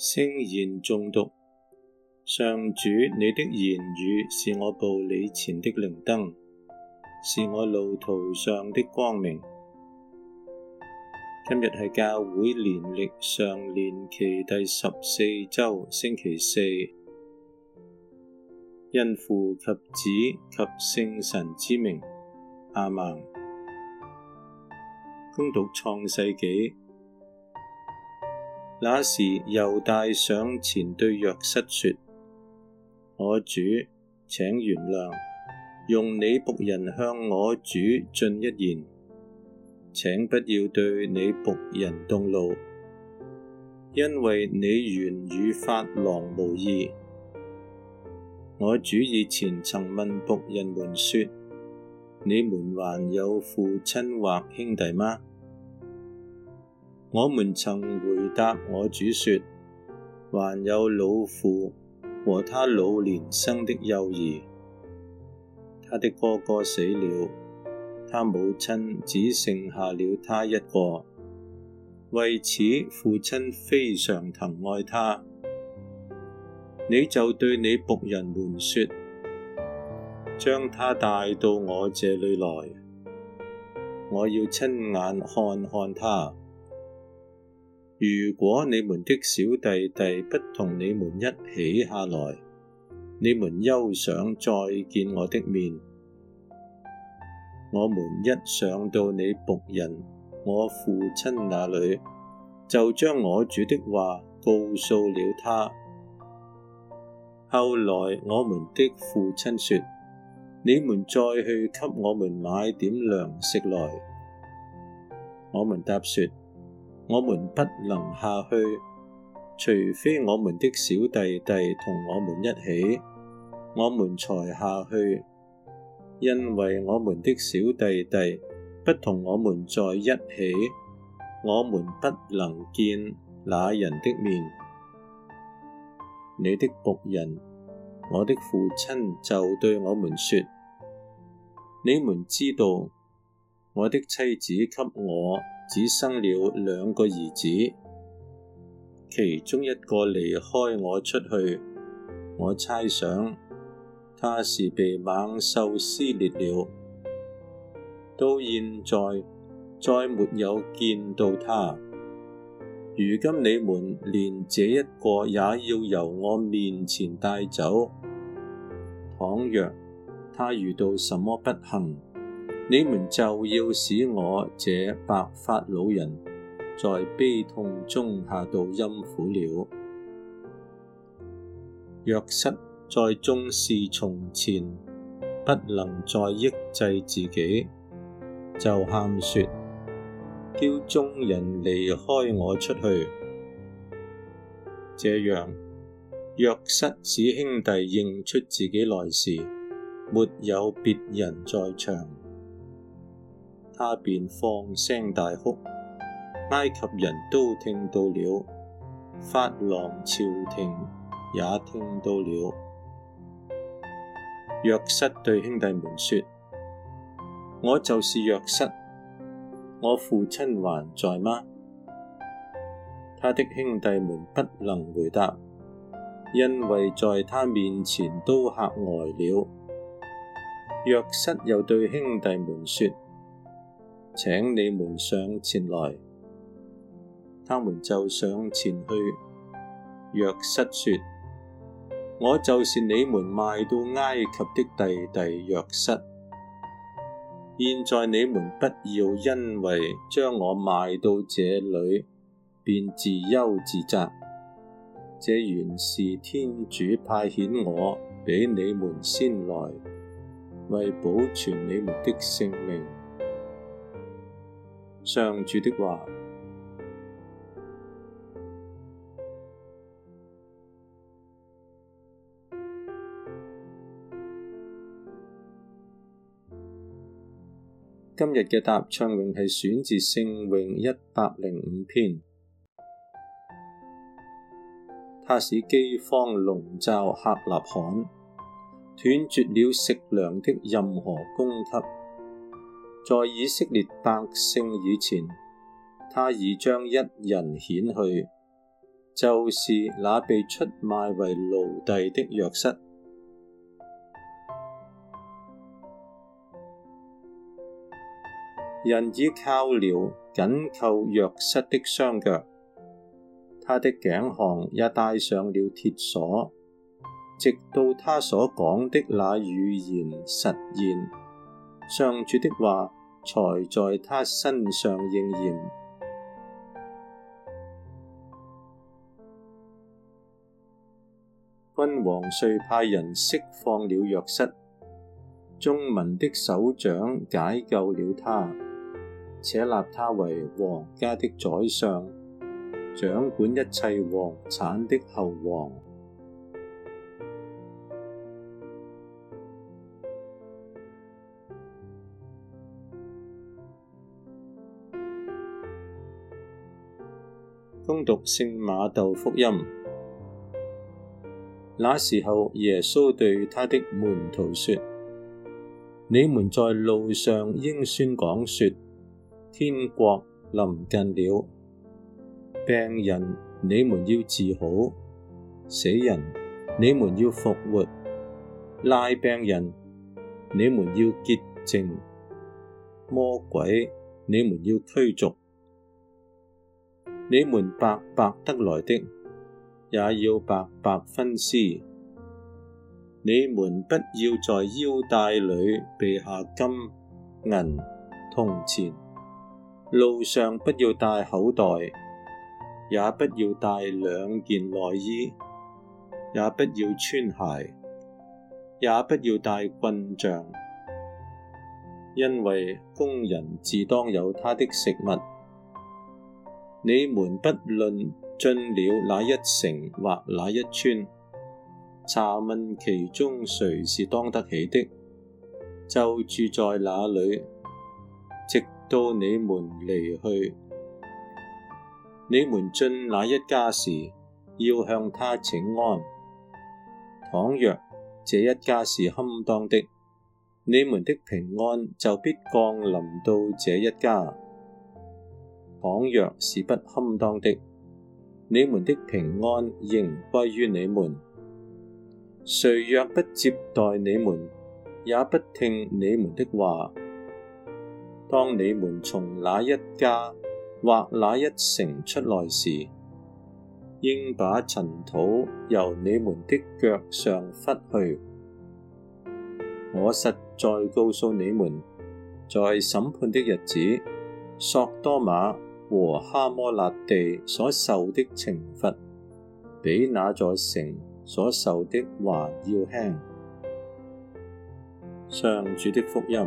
聖言誦讀，上主，你的言語是我步履前的靈燈，是我路途上的光明。今日係教會年曆常年期第十四周星期四，因父及子及聖神之名，阿們，恭讀創世紀。那時，猶大上前對若瑟說：我主，請原諒，用你僕人向我主進一言，請不要對你僕人動怒，因為你原與法郎無異。我主以前曾問僕人們說：你們還有父親或兄弟嗎？我們曾回答我主說：還有老父和他老年生的幼兒，他的哥哥死了，他母親只剩下了他一個，為此父親非常疼愛他。你就對你僕人們說：將他帶到我這裏來，我要親眼看看他。如果你們的小弟弟不同你們一起下來，你們休想再見我的面。我們一上到你僕人我父親那裏，就將我主的話告訴了他。後來我們的父親說：你們再去給我們買點糧食來。我們答說：我們不能下去，除非我們的小弟弟同我們一起，我們才下去。因為我們的小弟弟不同我們在一起，我們不能見那人的面。你的僕人，我的父親就對我們說：你們知道，我的妻子給我，只生了兩個兒子，其中一個離開我出去，我猜想，他是被猛獸撕裂了，到現在再沒有見到他。如今你們連這一個也要由我面前帶走，倘若他遇到什麼不幸，你們就要使我這白髮老人在悲痛中下到陰府了。若瑟在眾侍從前，不能再抑制自己，就喊說，叫眾人離開我出去。這樣，若瑟使兄弟認出自己來時，沒有別人在場。他便放聲大哭，埃及人都聽到了，法郎朝廷也聽到了。若瑟對兄弟們說：我就是若瑟，我父親還在嗎？他的兄弟們不能回答，因為在他面前都嚇呆了。若瑟又對兄弟們說。請你們上前來，他們就上前去。若瑟說：我就是你們賣到埃及的弟弟若瑟。現在你們不要因為將我賣到這裏，便自憂自責。這原是天主派遣我比你們先來，為保存你們的性命。上主的話。今日嘅答唱詠係選自聖詠一百零五篇。他使饑荒籠罩客納罕，斷絕了食糧的任何供給。在以色列百姓以前，他已將一人遣去，就是那被出賣為奴隸的若瑟。人以銬鐐緊扣若瑟的雙腳，他的頸項也帶上了鐵鎖，直到他所講的那預言實現，上主的話。才在他身上應驗。君王遂派人釋放了若瑟，眾民的首長解救了他，且立他為皇家的宰相，掌管一切皇產的侯王。恭讀聖瑪竇福音，那時候耶穌對他的門徒說：你們在路上應宣講說，天國臨近了；病人你們要治好；死人你們要復活；癩病人你們要潔淨；魔鬼你們要驅逐。你們白白得來的，也要白白分施。你們不要在腰帶裏備下金銀銅錢，路上不要帶口袋，也不要帶兩件內衣，也不要穿鞋，也不要帶棍杖，因為工人自當有他的食物。你們不論進了哪一城或哪一村，查問其中誰是當得起的，就住在那裏，直到你們離去。你們進哪一家時，要向他請安。倘若這一家是堪當的，你們的平安就必降臨到這一家。倘若是不堪當的，你們的平安仍歸於你們。誰若不接待你們，也不聽你們的話，當你們從那一家或那一城出來時，應把塵土由你們的腳上拂去。我實在告訴你們，在審判的日子，索多瑪。和哈摩辣地所受的懲罰，比那座城所受的還要輕。上主的福音。